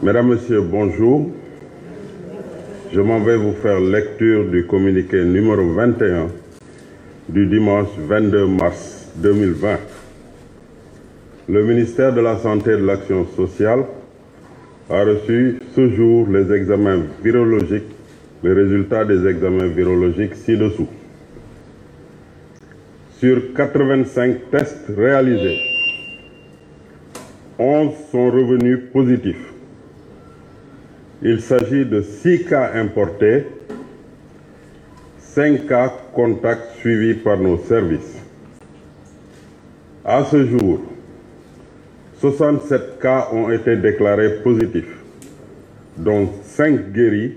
Mesdames, Messieurs, bonjour. Je m'en vais vous faire lecture du communiqué numéro 21 du dimanche 22 mars 2020. Le ministère de la Santé et de l'Action sociale a reçu ce jour les examens virologiques, les résultats des examens virologiques ci-dessous. Sur 85 tests réalisés, 11 sont revenus positifs. Il s'agit de 6 cas importés, 5 cas contacts suivis par nos services. À ce jour, 67 cas ont été déclarés positifs, dont 5 guéris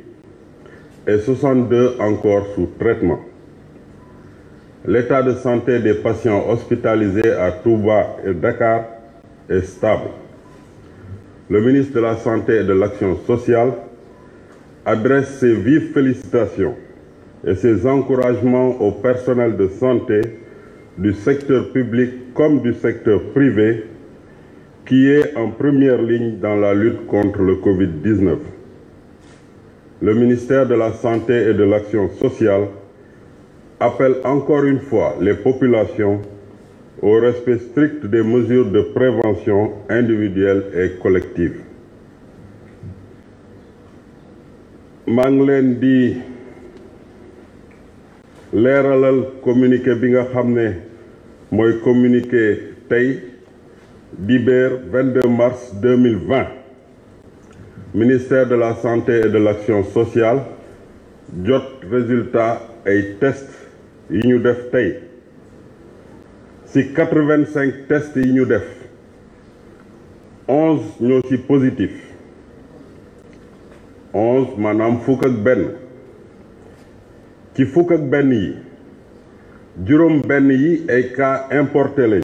et 62 encore sous traitement. L'état de santé des patients hospitalisés à Touba et Dakar est stable le ministre de la Santé et de l'Action sociale adresse ses vives félicitations et ses encouragements au personnel de santé du secteur public comme du secteur privé qui est en première ligne dans la lutte contre le Covid-19. Le ministère de la Santé et de l'Action sociale appelle encore une fois les populations au respect strict des mesures de prévention individuelle et collective Manglen communiqué bi nga communiqué 22 mars 2020 ministère de la santé et de l'action sociale jot résultat et test yi si 85 tests 11, ñu def 11 nous sont positif 11 manam fukk ak Durant ci ak ben yi ben yi ay cas importé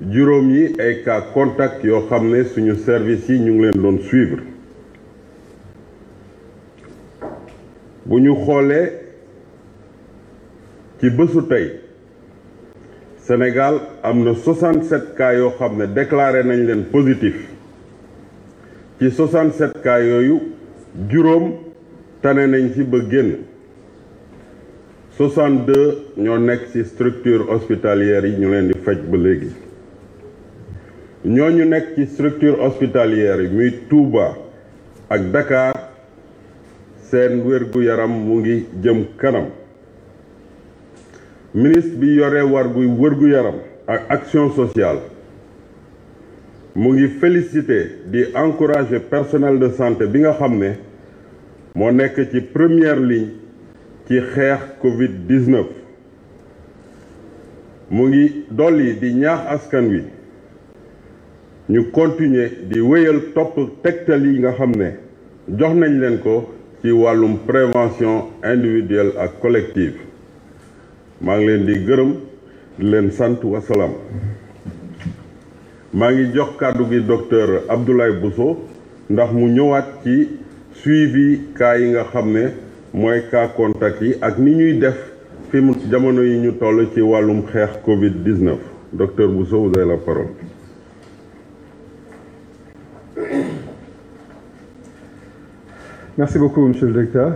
yi ay cas contact yo xamné suñu service yi ñu ngi leen doon suivre bu ñu ci Sénégal amna 67 cas yo xam déclaré nañ len positif ci 67 cas yooyu djuroom tané nañ ci ba génn 62 ño nek ci structure hospitalière yi ñu len di fajj ba léegi ñooñu nek ci structure hospitalière muy Touba ak Dakar sen wergu yaram mu ngi jëm kanam ministre bi yoré war action sociale mo ngi féliciter di encourager personnel de santé bi nga xamné mo ci première ligne ci la Covid-19 mo ngi doli di ñaax askan wi ñu continuer di wëyel top nga xamné jox nañ leen ko ci prévention individuelle ak collective maa leen di gërëm di leen sant wasalaam maa jox kaddu gi docteur Abdoulaye Bousso ndax mu ñëwaat ci suivi ka yi nga xam moy cas contact yi ak ni ñuy def fi mu jamono yi ñu toll ci walum xex Covid 19 docteur Bousso vous avez la parole. Merci beaucoup, monsieur le directeur.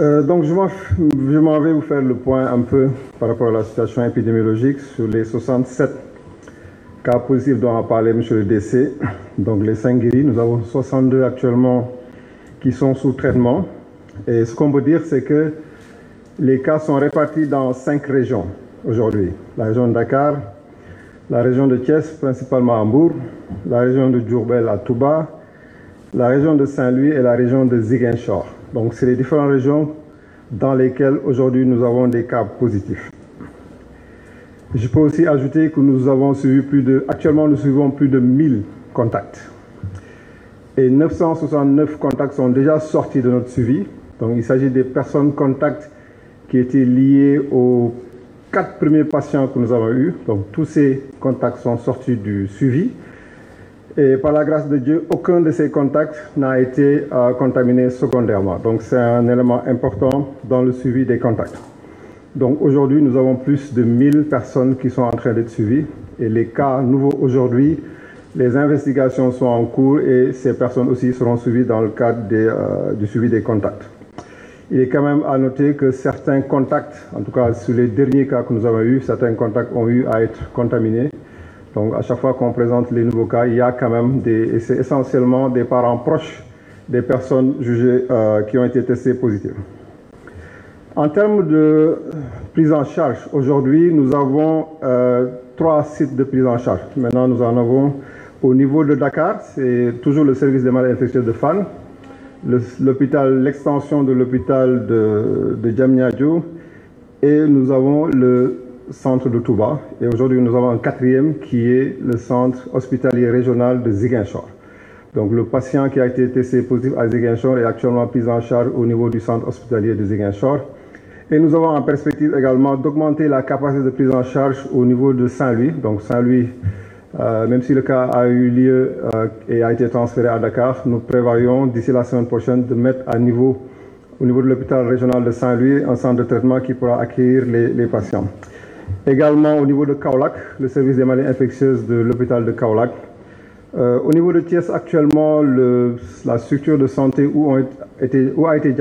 Euh, donc, je m'en vais vous faire le point un peu par rapport à la situation épidémiologique sur les 67 cas positifs dont a parlé M. le DC. Donc, les 5 guéris, nous avons 62 actuellement qui sont sous traitement. Et ce qu'on peut dire, c'est que les cas sont répartis dans 5 régions aujourd'hui. La région de Dakar, la région de Thiès, principalement à Hambourg, la région de Djourbel à Touba, la région de Saint-Louis et la région de Ziguinchor. Donc, c'est les différentes régions dans lesquels aujourd'hui nous avons des cas positifs. Je peux aussi ajouter que nous avons suivi plus de, actuellement nous suivons plus de 1000 contacts. Et 969 contacts sont déjà sortis de notre suivi. Donc il s'agit des personnes contacts qui étaient liées aux quatre premiers patients que nous avons eus. Donc tous ces contacts sont sortis du suivi. Et par la grâce de Dieu, aucun de ces contacts n'a été euh, contaminé secondairement. Donc c'est un élément important dans le suivi des contacts. Donc aujourd'hui, nous avons plus de 1000 personnes qui sont en train d'être suivies. Et les cas nouveaux aujourd'hui, les investigations sont en cours et ces personnes aussi seront suivies dans le cadre euh, du suivi des contacts. Il est quand même à noter que certains contacts, en tout cas sur les derniers cas que nous avons eus, certains contacts ont eu à être contaminés. Donc à chaque fois qu'on présente les nouveaux cas, il y a quand même des, essentiellement des parents proches des personnes jugées euh, qui ont été testées positives. En termes de prise en charge, aujourd'hui nous avons euh, trois sites de prise en charge. Maintenant nous en avons au niveau de Dakar, c'est toujours le service des maladies infectieuses de FAN, l'extension de l'hôpital de, de et nous avons le centre de Touba. Et aujourd'hui, nous avons un quatrième qui est le centre hospitalier régional de Ziguinchor. Donc, le patient qui a été testé positif à Ziguinchor est actuellement pris en charge au niveau du centre hospitalier de Ziguinchor. Et nous avons en perspective également d'augmenter la capacité de prise en charge au niveau de Saint-Louis. Donc, Saint-Louis, euh, même si le cas a eu lieu euh, et a été transféré à Dakar, nous prévoyons d'ici la semaine prochaine de mettre à niveau au niveau de l'hôpital régional de Saint-Louis, un centre de traitement qui pourra accueillir les patients. Également au niveau de Kaolac, le service des maladies infectieuses de l'hôpital de Kaolac. Euh, au niveau de Thiès, actuellement, la structure de santé où, ont été, où été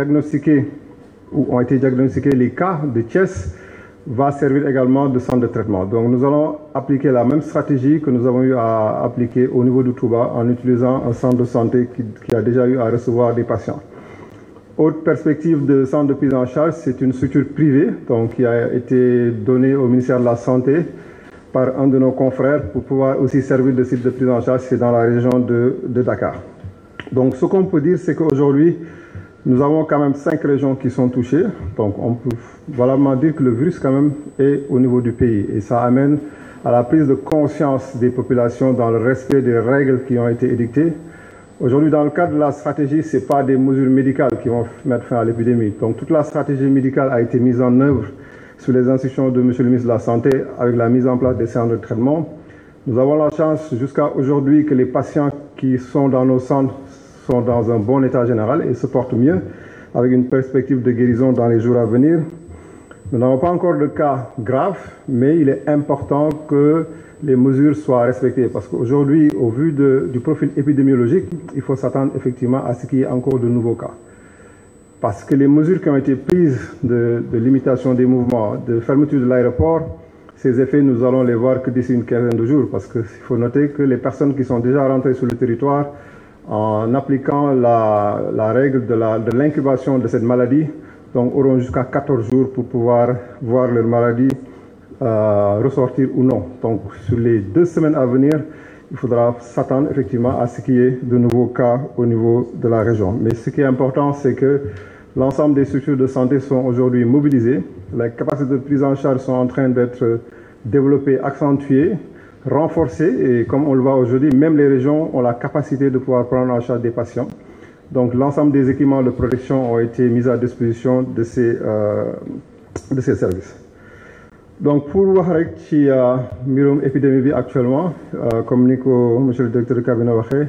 où ont été diagnostiqués les cas de Thiès va servir également de centre de traitement. Donc nous allons appliquer la même stratégie que nous avons eu à appliquer au niveau du Touba en utilisant un centre de santé qui a déjà eu à recevoir des patients. Autre perspective de centre de prise en charge, c'est une structure privée donc, qui a été donnée au ministère de la Santé par un de nos confrères pour pouvoir aussi servir de site de prise en charge, c'est dans la région de, Dakar. Donc ce qu'on peut dire, c'est qu'aujourd'hui, nous avons quand même cinq régions qui sont touchées. Donc on peut valablement dire que le virus quand même est au niveau du pays. Et ça amène à la prise de conscience des populations dans le respect des règles qui ont été édictées Aujourd'hui, dans le cadre de la stratégie, ce n'est pas des mesures médicales qui vont mettre fin à l'épidémie. Donc toute la stratégie médicale a été mise en œuvre sous les instructions de M. le ministre de la Santé avec la mise en place des centres de traitement. Nous avons la chance jusqu'à aujourd'hui que les patients qui sont dans nos centres sont dans un bon état général et se portent mieux avec une perspective de guérison dans les jours à venir. Nous n'avons pas encore de cas graves, mais il est important que les mesures soient respectées. Parce qu'aujourd'hui, au vu du profil épidémiologique, il faut s'attendre effectivement à ce qu'il y ait encore de nouveaux cas. Parce que les mesures qui ont été prises de, limitation des mouvements, de fermeture de l'aéroport, ces effets, nous allons les voir que d'ici une quinzaine de jours. Parce qu'il faut noter que les personnes qui sont déjà rentrées sur le territoire, en appliquant la, règle de l'incubation de cette maladie, donc auront jusqu'à 14 jours pour pouvoir voir leur maladie euh, ressortir ou non. Donc sur les deux semaines à venir, il faudra s'attendre effectivement à ce qu'il y ait de nouveaux cas au niveau de la région. Mais ce qui est important, c'est que l'ensemble des structures de santé sont aujourd'hui mobilisées. Les capacités de prise en charge sont en train d'être développées, accentuées, renforcées. Et comme on le voit aujourd'hui, même les régions ont la capacité de pouvoir prendre en charge des patients. Donc l'ensemble des équipements de protection ont été mis à disposition de ces, euh, de ces services. donc pour voir qui a une épidémie actuellement euh, comme Nico, monsieur le directeur de cabinet waxee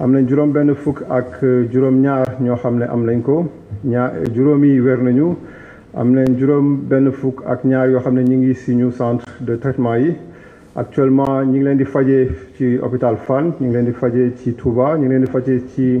am un de ak un ñaar de xam ne am nañ ko ñaar juróom yi un nañu de nañ ak ñaar yo hamne ñi centre de traitement yi actuellement ñi ngi leen di hôpital FAN, ñi ngi leen di fajee ci Touba ñi leen di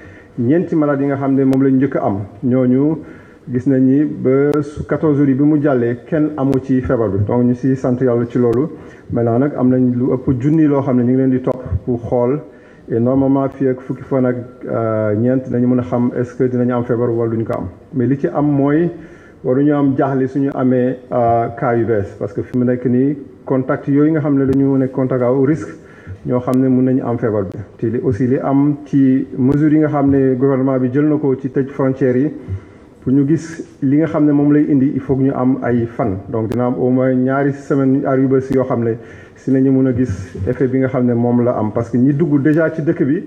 ñeenti malade yi nga xam ne moom lañ jëkk am ñooñu gis nañ ni ba su 14 jours yi bi mu jàllee kenn amu ci feebar bi donc ñu si sant yàlla ci loolu maintenant nag am nañ lu ëpp junni loo xam ne ñu ngi leen di topp pour xool et normalement fii ak fukki fan ak euh, ñeent dañu mën a xam est-ce que dinañu am feebar wala duñu ko am mais li ci am mooy ñu am su ñu amee euh, cas yu bees parce que fi mu nekk nii contact yooyu nga xam ne dañu nekk contact à risque. ñoo xam ne mun nañu am feebar bi te li aussi li am ci mesures yi nga xam ne gouvernement bi jël na ko ci tëj frontières yi pour ñu gis li nga xam ne moom lay indi il foog ñu am ay fan donc dina am au moins ñaari semaine ar yu bés yoo xam ne si nañu mun a gis effet bi nga xam ne moom la am parce que ñi dugg déjà ci dëkk bi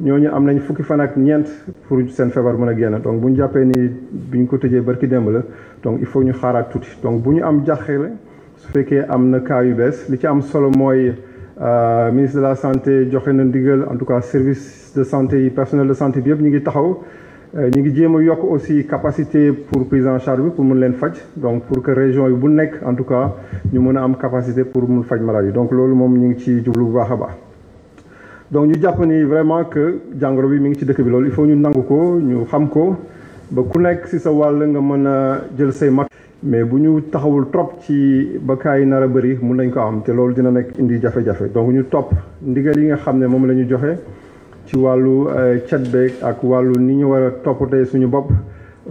ñooñu am nañ fukki fan ak ñeent pour seen feebar mën a génn donc bu ñu jàppee ni bi ñu ko tëjee barki démb la donc il faut ñu xaaraat tuuti donc bu ñu am jaxle su fekkee am na cas yu bees li ci am solo mooy Euh, ministre de la santé Jochen na en tout cas service de santé personnel de santé bi nous avons ngi euh, aussi capacité pour prise en charge pour donc pour que région yi en tout cas nous avons capacité pour donc nous donc nous avons vraiment que nous bi mi ngi ci il faut nous mais buñu taxawul trop ci bakay kaa yi nar a bëri nañ ko am té loolu dina nek indi jafé jafé donc ñu top ndigal yi nga xamné mom lañu joxé ci walu euh, cat beeg ak walu ni ñu war a suñu bop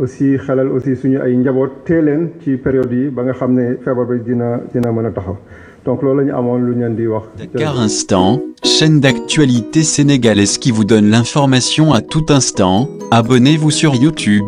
aussi xelal aussi suñu ay njaboot té len ci période yi ba nga xamné ne bi dina dina mëna taxaw donc loolu lañu amone lu ñen di wax. Dakar Instant chaîne d'actualité sénégalaise qui vous donne l'information à tout instant abonnez-vous sur YouTube